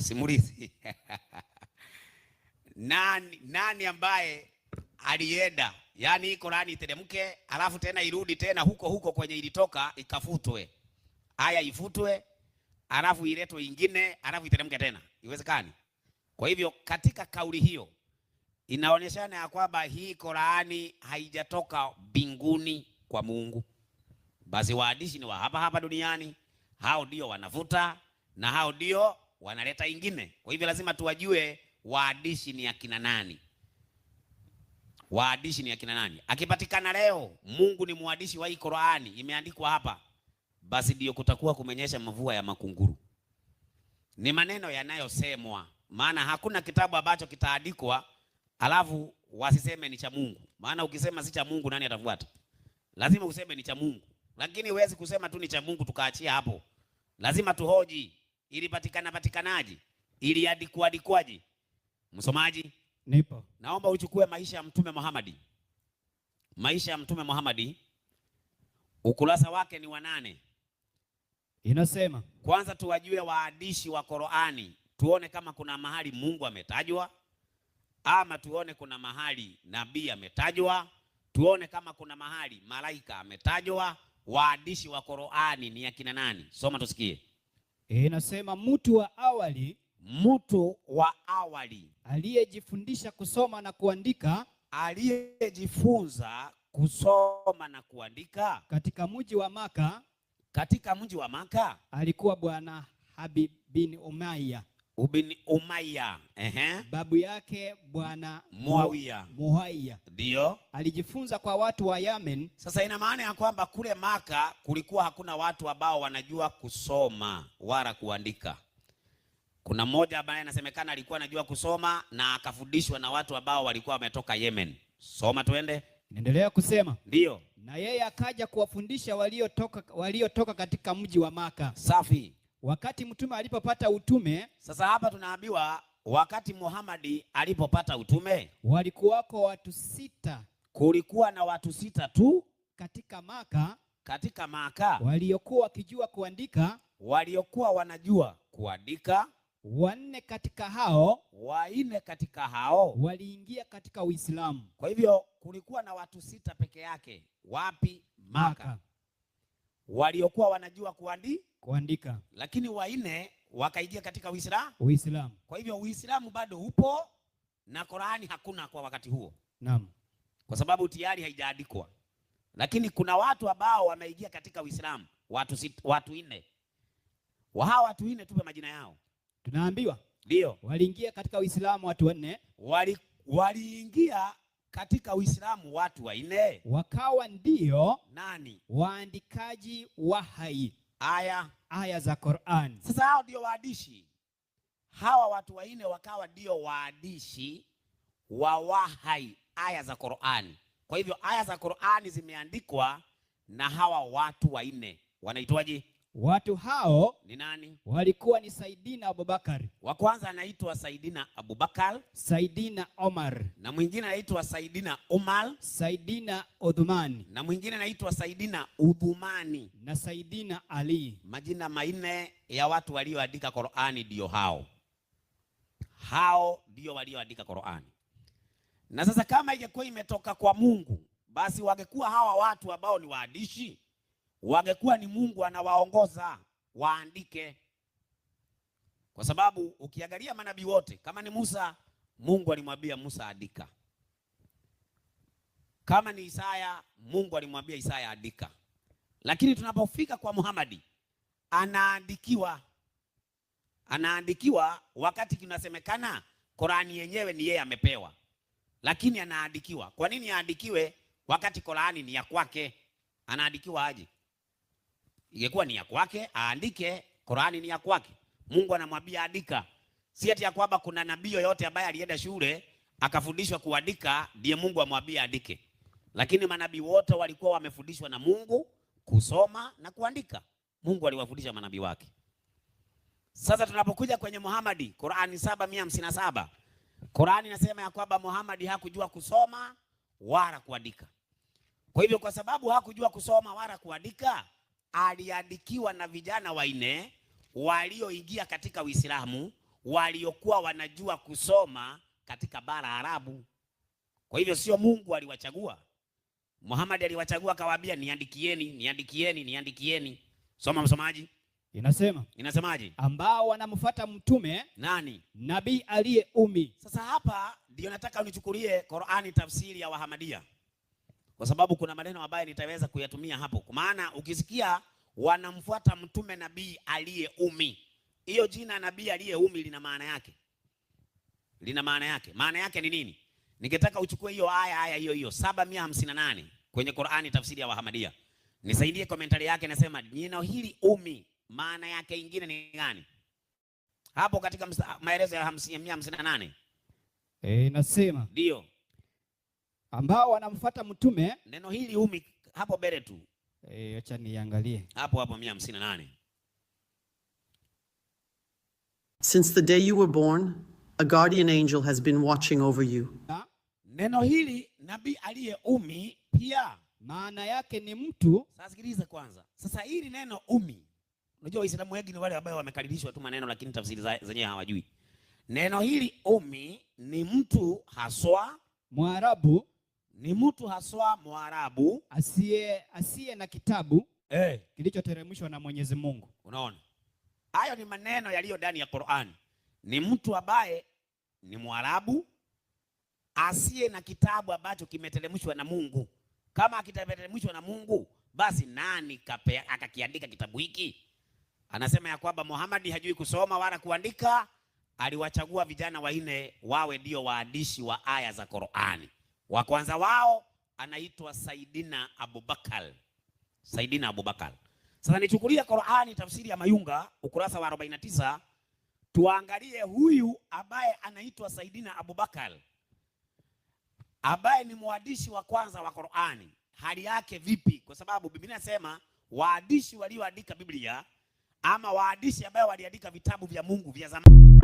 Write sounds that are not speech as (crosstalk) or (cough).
simulizi (laughs) nani, nani ambaye alienda yaani Korani iteremke alafu tena irudi tena huko huko kwenye ilitoka ikafutwe, aya ifutwe, alafu iletwe ingine, alafu iteremke tena? Iwezekani? Kwa hivyo katika kauli hiyo inaonyeshana ya kwamba hii Qurani haijatoka mbinguni kwa Mungu, basi waandishi ni wa hapa hapa duniani, hao ndio wanavuta na hao ndio wanaleta ingine. Kwa hivyo lazima tuwajue waadishi ni akina nani, waadishi ni akina nani. Akipatikana leo Mungu ni mwadishi wa hii Qur'ani, imeandikwa hapa, basi ndio kutakuwa kumenyesha mvua ya makunguru. Ni maneno yanayosemwa, maana hakuna kitabu ambacho kitaandikwa alafu wasiseme ni cha Mungu, maana ukisema si cha Mungu nani atafuata? Lazima useme ni cha Mungu, lakini huwezi kusema tu ni cha Mungu tukaachia hapo. Lazima tuhoji ilipatikana patikanaji, iliandikwa Msomaji, nipo, naomba uchukue maisha ya Mtume Muhammad, maisha ya Mtume Muhammad ukurasa wake ni wanane. Inasema kwanza tuwajue waandishi wa Qur'ani, tuone kama kuna mahali Mungu ametajwa ama tuone kuna mahali nabii ametajwa, tuone kama kuna mahali malaika ametajwa. Waandishi wa Qur'ani ni akina nani? Soma tusikie inasema e, mtu wa awali, mtu wa awali aliyejifundisha kusoma na kuandika, aliyejifunza kusoma na kuandika katika mji wa Maka, katika mji wa Maka alikuwa bwana Habib bin Umayya ubin Umayya. Ehe. Babu yake bwana Muawiya. Muawiya. Ndio. Alijifunza kwa watu wa Yemen. Sasa ina maana ya kwamba kule Maka kulikuwa hakuna watu ambao wanajua kusoma wala kuandika. Kuna mmoja ambaye anasemekana alikuwa anajua kusoma na akafundishwa na watu ambao walikuwa wametoka Yemen. Soma tuende. Endelea kusema. Ndio. Na yeye akaja kuwafundisha waliotoka waliotoka katika mji wa Maka. Safi. Wakati mtume alipopata utume. Sasa hapa tunaambiwa wakati Muhamadi alipopata utume walikuwako watu sita, kulikuwa na watu sita tu katika Maka, katika Maka waliokuwa wakijua kuandika, waliokuwa wanajua kuandika. Wanne katika hao, wanne katika hao waliingia katika Uislamu. Kwa hivyo kulikuwa na watu sita peke yake. Wapi? Maka, Maka. waliokuwa wanajua kuandika kuandika, lakini waine wakaingia katika Uislamu. Uislamu. Kwa hivyo Uislamu bado upo na Qur'ani hakuna kwa wakati huo. Naam. Kwa sababu tayari haijaandikwa. Lakini kuna watu ambao wameingia katika Uislamu, watu sit, watu nne. Hawa watu nne tupe majina yao. Tunaambiwa ndio waliingia katika Uislamu watu wanne. Wali waliingia katika Uislamu watu wanne. Wakawa ndio nani? Waandikaji wa hai aya aya za Qur'an. Sasa hao ndio waandishi hawa watu wanne wakawa ndio waandishi wa wahai aya za Qur'an. Kwa hivyo aya za Qur'ani zimeandikwa na hawa watu wanne wanaitwaje? Watu hao ni nani? Walikuwa ni Saidina Abubakar. Wa kwanza anaitwa Saidina Abubakar, Saidina Omar, na mwingine anaitwa Saidina umar Saidina Udhumani, na mwingine anaitwa Saidina Udhumani, na Saidina Ali. Majina manne ya watu walioandika Qur'ani ndio hao hao, ndio walioandika Qur'ani. Na sasa kama ingekuwa imetoka kwa Mungu, basi wangekuwa hawa watu ambao ni waandishi wangekuwa ni Mungu anawaongoza waandike, kwa sababu ukiangalia manabii wote, kama ni Musa, Mungu alimwambia Musa andika, kama ni Isaya, Mungu alimwambia Isaya andika. Lakini tunapofika kwa Muhamadi anaandikiwa, anaandikiwa wakati kinasemekana Korani yenyewe ni yeye amepewa, lakini anaandikiwa. Kwa nini aandikiwe wakati Korani ni ya kwake? Anaandikiwa aje? ingekuwa ni ya kwake aandike. Qurani ni ya kwake, Mungu anamwambia andika, si ati ya kwamba kuna nabii yoyote ambaye alienda shule akafundishwa kuandika ndiye Mungu amwambia andike, lakini manabii wote walikuwa wamefundishwa na Mungu kusoma na kuandika. Mungu aliwafundisha manabii wake. Sasa tunapokuja kwenye Muhammad, Qurani saba Qurani inasema ya kwamba Muhammad hakujua kusoma wala kuandika. Kwa hivyo, kwa sababu hakujua kusoma wala kuandika aliandikiwa na vijana waine walioingia katika Uislamu waliokuwa wanajua kusoma katika bara Arabu. Kwa hivyo sio Mungu aliwachagua. Muhammad aliwachagua akawaambia, niandikieni, niandikieni, niandikieni. Soma msomaji. Inasema. Inasemaje? Ambao wanamfuata mtume nani? Nabii aliye umi. Sasa hapa ndio nataka unichukulie Qur'ani tafsiri ya Wahamadia kwa sababu kuna maneno ambayo nitaweza kuyatumia hapo, kwa maana ukisikia wanamfuata mtume nabii aliye umi, hiyo jina nabii aliye umi lina maana yake, lina maana yake. Maana yake ni nini? Ningetaka uchukue hiyo aya aya hiyo hiyo 758 kwenye Qur'ani tafsiri ya Wahamadia, nisaidie komentari yake. Nasema jina hili umi, maana yake ingine ni gani? Hapo katika maelezo ya 558 eh, nasema ndio ambao wanamfuata mtume. Neno hili umi hapo mbele tu, eh, acha niangalie hapo hapo 158 Since the day you were born a guardian angel has been watching over you. Na, neno hili nabii aliye umi pia maana yake ni mtu. Sasikiliza kwanza. Sasa hili neno umi, unajua Waislamu wengi ni wale ambao wamekaribishwa tu maneno lakini tafsiri zenyewe hawajui. Neno hili umi ni mtu haswa Mwarabu ni mtu haswa Mwarabu asiye asiye na kitabu eh, kilichoteremshwa na Mwenyezi Mungu. Unaona, hayo ni maneno yaliyo ndani ya Qur'an. Ni mtu ambaye ni Mwarabu asiye na kitabu ambacho kimeteremshwa na Mungu. Kama akitateremshwa na Mungu, basi nani akakiandika kitabu hiki? Anasema ya kwamba Muhammad hajui kusoma wala kuandika, aliwachagua vijana wanne wawe ndio waandishi wa aya za Qur'ani. Wa kwanza wao anaitwa Saidina Abubakar, Saidina Abubakar. Sasa nichukulia Qur'ani tafsiri ya Mayunga ukurasa wa 49 tuangalie huyu ambaye anaitwa Saidina Abubakar ambaye ni mwandishi wa kwanza wa Qur'ani, hali yake vipi? Kwa sababu Biblia inasema waandishi walioandika Biblia ama waandishi ambao waliandika vitabu vya Mungu vya zamani